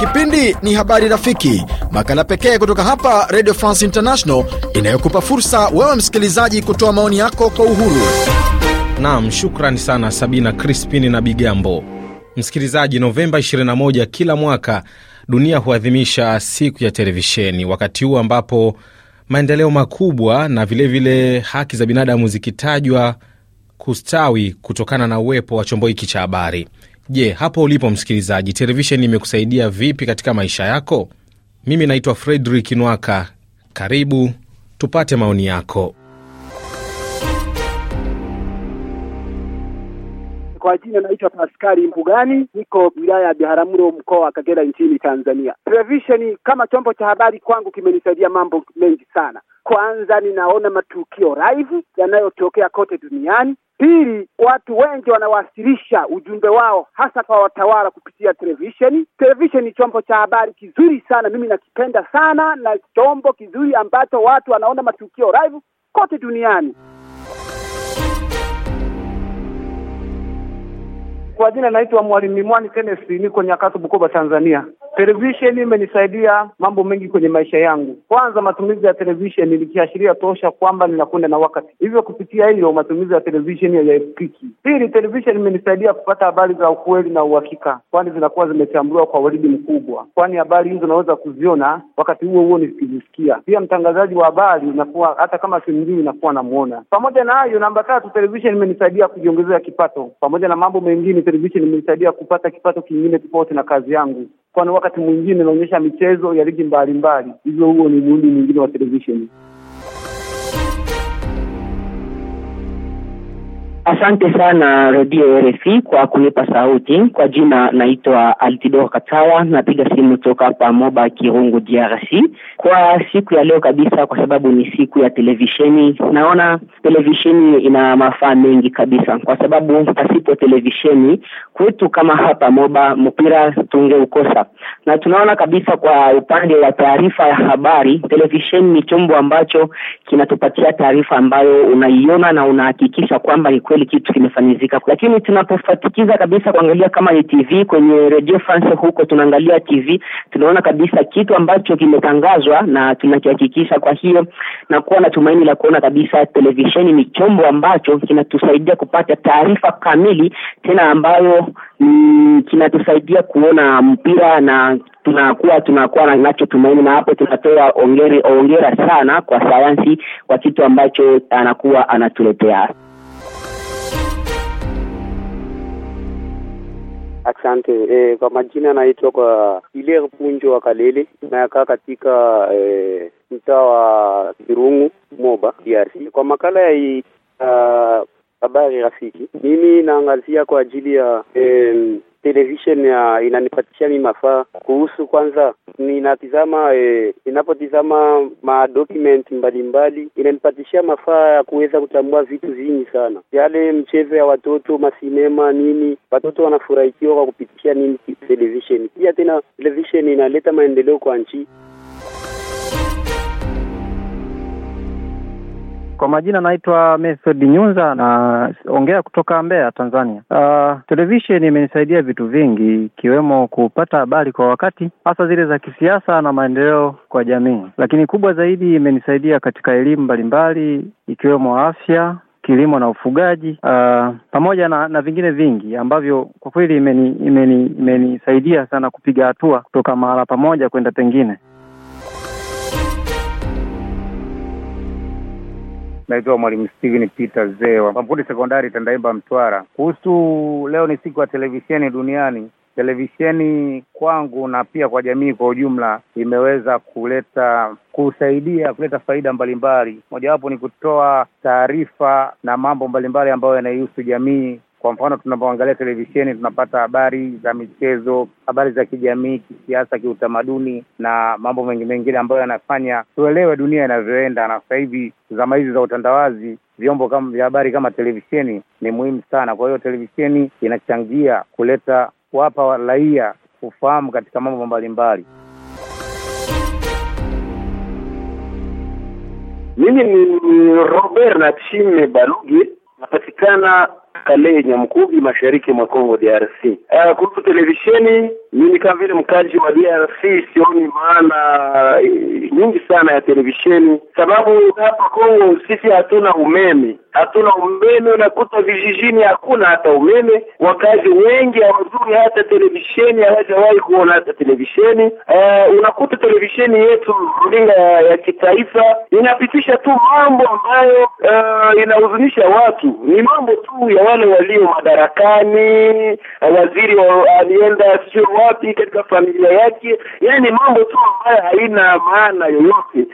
Kipindi ni Habari Rafiki, makala pekee kutoka hapa Radio France International inayokupa fursa wewe msikilizaji kutoa maoni yako kwa uhuru. nam shukrani sana Sabina Crispin na Bigambo. Msikilizaji, Novemba 21 kila mwaka dunia huadhimisha siku ya televisheni, wakati huu ambapo maendeleo makubwa na vilevile vile haki za binadamu zikitajwa kustawi kutokana na uwepo wa chombo hiki cha habari. Je, hapo ulipo msikilizaji, televisheni imekusaidia vipi katika maisha yako? Mimi naitwa Fredrik Nwaka, karibu tupate maoni yako. Kwa jina naitwa Paskari Mbugani, niko wilaya ya Biharamulo, mkoa wa Kagera, nchini Tanzania. Televisheni kama chombo cha habari kwangu kimenisaidia mambo mengi sana. Kwanza, ninaona matukio live yanayotokea kote duniani. Pili, watu wengi wanawasilisha ujumbe wao hasa kwa watawala kupitia televisheni. Televisheni ni chombo cha habari kizuri sana, mimi nakipenda sana, na chombo kizuri ambacho watu wanaona matukio live kote duniani. Kwa jina naitwa Mwalimu Mimwani Kenneth, niko Nyakato, Bukoba, Tanzania. Televisheni imenisaidia mambo mengi kwenye maisha yangu. Kwanza, matumizi ya televisheni nikiashiria tosha kwamba ninakwenda na wakati, hivyo kupitia hiyo matumizi ya televisheni hayaepukiki. Pili, televisheni imenisaidia kupata habari za ukweli na uhakika, kwani zinakuwa zimechambuliwa kwa weledi mkubwa, kwani habari hizo naweza kuziona wakati huo huo nikizisikia. Pia mtangazaji wa habari unakuwa hata kama simjui inakuwa namwona. Pamoja na hayo, namba tatu, televisheni imenisaidia kujiongezea kipato. Pamoja na mambo mengine, televisheni imenisaidia kupata kipato kingine tofauti na kazi yangu, kwani wakati mwingine inaonyesha michezo ya ligi mbalimbali. Hivyo huo ni muundo mwingine wa televisheni. Asante sana redio RFI kwa kunipa sauti. Kwa jina naitwa Altidor Katawa, napiga simu toka hapa Moba Kirungu, DRC. Kwa siku ya leo kabisa, kwa sababu ni siku ya televisheni, naona televisheni ina mafaa mengi kabisa, kwa sababu pasipo televisheni kwetu kama hapa Moba mpira tungeukosa, na tunaona kabisa kwa upande wa taarifa ya habari, televisheni ni chombo ambacho kinatupatia taarifa ambayo unaiona na unahakikisha kwamba ni kweli kweli kitu kimefanyizika, lakini tunapofatikiza kabisa kuangalia kama ni TV kwenye Radio France huko tunaangalia TV, tunaona kabisa kitu ambacho kimetangazwa na tunakihakikisha. Kwa hiyo na kuwa na tumaini la kuona kabisa televisheni ni chombo ambacho kinatusaidia kupata taarifa kamili tena ambayo mm, kinatusaidia kuona mpira na tunakuwa tunakuwa na nachotumaini na hapo tunatoa ongeri ongera sana kwa sayansi kwa kitu ambacho anakuwa anatuletea. Asante e, kwa majina anaitwa kwa Hilaire Punjo wa Kalele, nakaa katika e, mtaa wa Kirungu Moba, DRC. Kwa makala ya ah, habari uh, rafiki, mimi naangazia kwa ajili ya e, television ya inanipatisha mi mafaa kuhusu. Kwanza ninatizama e, ninapotizama madocument mbalimbali inanipatishia mafaa ya kuweza kutambua vitu vingi sana, yale mchezo ya watoto masinema nini, watoto wanafurahikiwa kwa kupitisha nini television. Pia tena television inaleta maendeleo kwa nchi. Kwa majina naitwa Method Nyunza, naongea kutoka Mbeya, Tanzania. Uh, televisheni imenisaidia vitu vingi, ikiwemo kupata habari kwa wakati, hasa zile za kisiasa na maendeleo kwa jamii, lakini kubwa zaidi imenisaidia katika elimu mbalimbali, ikiwemo afya kilimo na ufugaji uh, pamoja na, na vingine vingi ambavyo kwa kweli imenisaidia imeni, imeni sana kupiga hatua kutoka mahala pamoja kwenda pengine. naitwa Mwalimu Steven Peter Zewa, Mkundi Sekondari, Tandaimba, Mtwara. Kuhusu leo ni siku ya televisheni duniani. Televisheni kwangu na pia kwa jamii kwa ujumla imeweza kuleta kusaidia kuleta faida mbalimbali, mojawapo ni kutoa taarifa na mambo mbalimbali ambayo yanaihusu jamii kwa mfano, tunapoangalia televisheni tunapata habari za michezo, habari za kijamii, kisiasa, kiutamaduni na mambo mengi mengine ambayo yanafanya tuelewe dunia inavyoenda. Na sasa hivi zama hizi za utandawazi, vyombo kama vya habari kama televisheni ni muhimu sana. Kwa hiyo televisheni inachangia kuleta kuwapa raia kufahamu katika mambo mbalimbali. Mimi ni Robert Nachime Balugi, napatikana kale Nyamkubi, mashariki mwa Kongo DRC. Uh, eh, kuhusu televisheni, mimi kama vile mkaji wa DRC sioni maana uh, nyingi sana ya televisheni, sababu hapa Kongo sisi hatuna umeme, hatuna umeme. Unakuta vijijini hakuna hata umeme, wakazi wengi hawazuri hata televisheni, hawajawahi kuona hata televisheni. Uh, unakuta televisheni yetu runinga ya kitaifa inapitisha tu mambo ambayo uh, inahuzunisha watu, ni mambo tu ya wale walio madarakani, waziri wa, alienda sio wapi katika familia yake, yani mambo tu ambayo haina maana yoyote.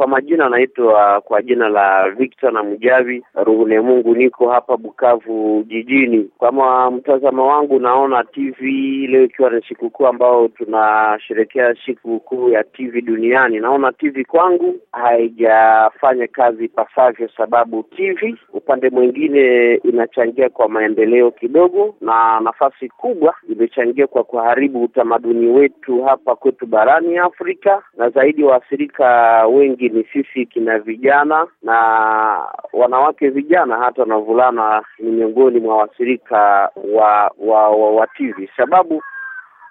Kwa majina anaitwa kwa jina la Victor na Mjavi Ruhune Mungu, niko hapa Bukavu jijini. Kama mtazamo wangu, naona TV leo ikiwa ni sikukuu ambao tunasherehekea sikukuu ya TV duniani, naona TV kwangu haijafanya kazi pasavyo, sababu TV upande mwingine inachangia kwa maendeleo kidogo, na nafasi kubwa imechangia kwa kuharibu utamaduni wetu hapa kwetu barani Afrika, na zaidi waathirika wengi ni sisi kina vijana na wanawake vijana hata na vulana ni miongoni mwa wasirika wa wa, wa, wa TV sababu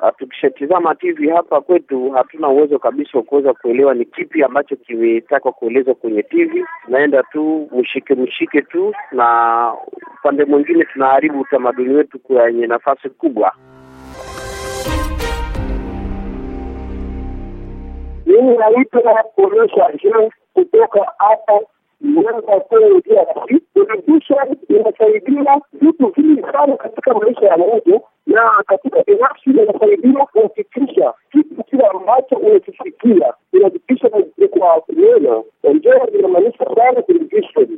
ah, tukishatizama TV hapa kwetu hatuna uwezo kabisa wa kuweza kuelewa ni kipi ambacho kimetakwa kuelezwa kwenye TV. Tunaenda tu mshike mshike tu, na upande mwingine tunaharibu utamaduni wetu kwenye nafasi kubwa. mimi naita kuonyesha je kutoka hapa mwenda kwenye DRC. Television inasaidia vitu vingi sana katika maisha ya mtu na katika binafsi, inasaidia kuhakikisha kitu kile ambacho unakifikia inahakikisha ni kwa neno. Ndio inamaanisha sana television.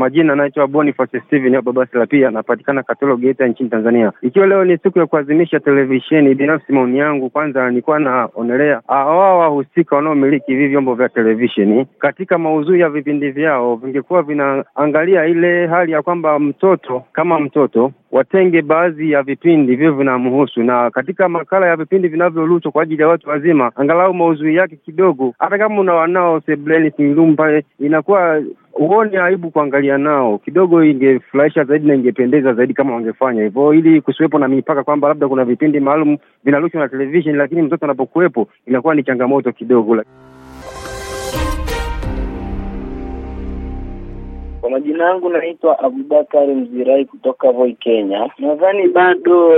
majina anaitwa Boniface Steven hapo Babasela, pia anapatikana Katoro Geita nchini Tanzania. Ikiwa leo ni siku ya kuadhimisha televisheni, binafsi maoni yangu kwanza, nilikuwa naonelea ah, hawa wahusika wanaomiliki hivi vyombo vya televisheni katika mauzuri ya vipindi vyao vingekuwa vinaangalia ile hali ya kwamba mtoto kama mtoto watenge baadhi ya vipindi vivyo vinamhusu, na katika makala ya vipindi vinavyorushwa kwa ajili ya watu wazima, angalau maudhui yake kidogo, hata kama una wanao sebleni pale, inakuwa huoni aibu kuangalia nao kidogo. Ingefurahisha zaidi na ingependeza zaidi kama wangefanya hivyo, ili kusiwepo na mipaka kwamba labda kuna vipindi maalum vinarushwa na televisheni, lakini mtoto anapokuwepo inakuwa ni changamoto kidogo. majina yangu naitwa Abubakari Mzirai kutoka Voi, Kenya. Nadhani bado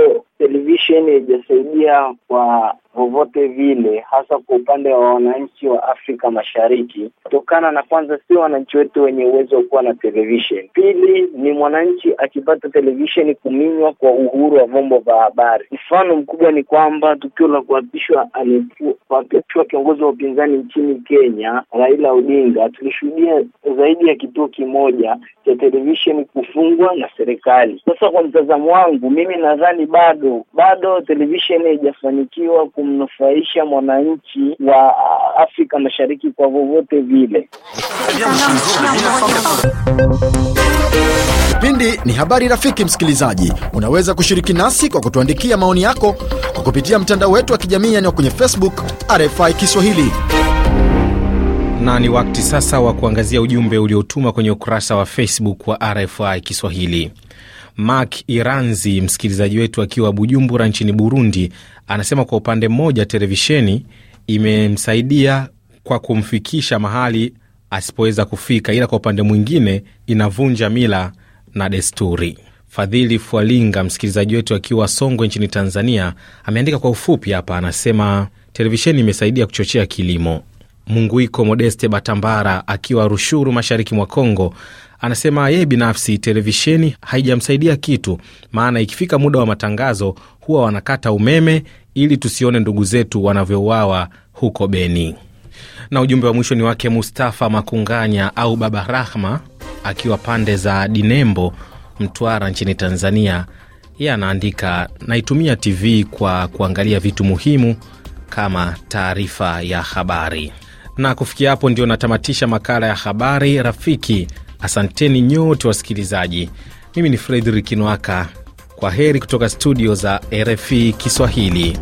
televisheni haijasaidia kwa vyovyote vile, hasa kwa upande wa wananchi wa Afrika Mashariki, kutokana na kwanza, sio wananchi wetu wenye uwezo wa kuwa na televisheni. Pili ni mwananchi akipata televisheni kuminywa kwa uhuru wa vyombo vya habari. Mfano mkubwa ni kwamba tukio la kuapishwa kuapishwa kiongozi wa upinzani nchini Kenya, Raila Odinga, tulishuhudia zaidi ya kituo kimoja cha televisheni kufungwa na serikali. Sasa kwa mtazamo wangu mimi nadhani bado juu. Bado televisheni haijafanikiwa kumnufaisha mwananchi wa Afrika Mashariki kwa vyovyote vile. Kipindi ni habari. Rafiki msikilizaji, unaweza kushiriki nasi kwa kutuandikia maoni yako kwa kupitia mtandao wetu wa kijamii yaani kwenye Facebook RFI Kiswahili na ni wakati sasa wa kuangazia ujumbe uliotuma kwenye ukurasa wa Facebook wa RFI Kiswahili. Mark Iranzi, msikilizaji wetu akiwa Bujumbura nchini Burundi, anasema kwa upande mmoja televisheni imemsaidia kwa kumfikisha mahali asipoweza kufika, ila kwa upande mwingine inavunja mila na desturi. Fadhili Fwalinga, msikilizaji wetu akiwa Songwe nchini Tanzania, ameandika kwa ufupi hapa, anasema televisheni imesaidia kuchochea kilimo. Munguiko Modeste Batambara akiwa Rushuru, mashariki mwa Kongo, Anasema yeye binafsi televisheni haijamsaidia kitu, maana ikifika muda wa matangazo huwa wanakata umeme ili tusione ndugu zetu wanavyouawa huko Beni. Na ujumbe wa mwisho ni wake Mustafa Makunganya au Baba Rahma akiwa pande za Dinembo, Mtwara nchini Tanzania. Yeye anaandika naitumia TV kwa kuangalia vitu muhimu kama taarifa ya habari. Na kufikia hapo, ndio natamatisha makala ya habari rafiki Asanteni nyote wasikilizaji. Mimi ni Fredrik Nwaka. Kwa heri kutoka studio za RFI Kiswahili.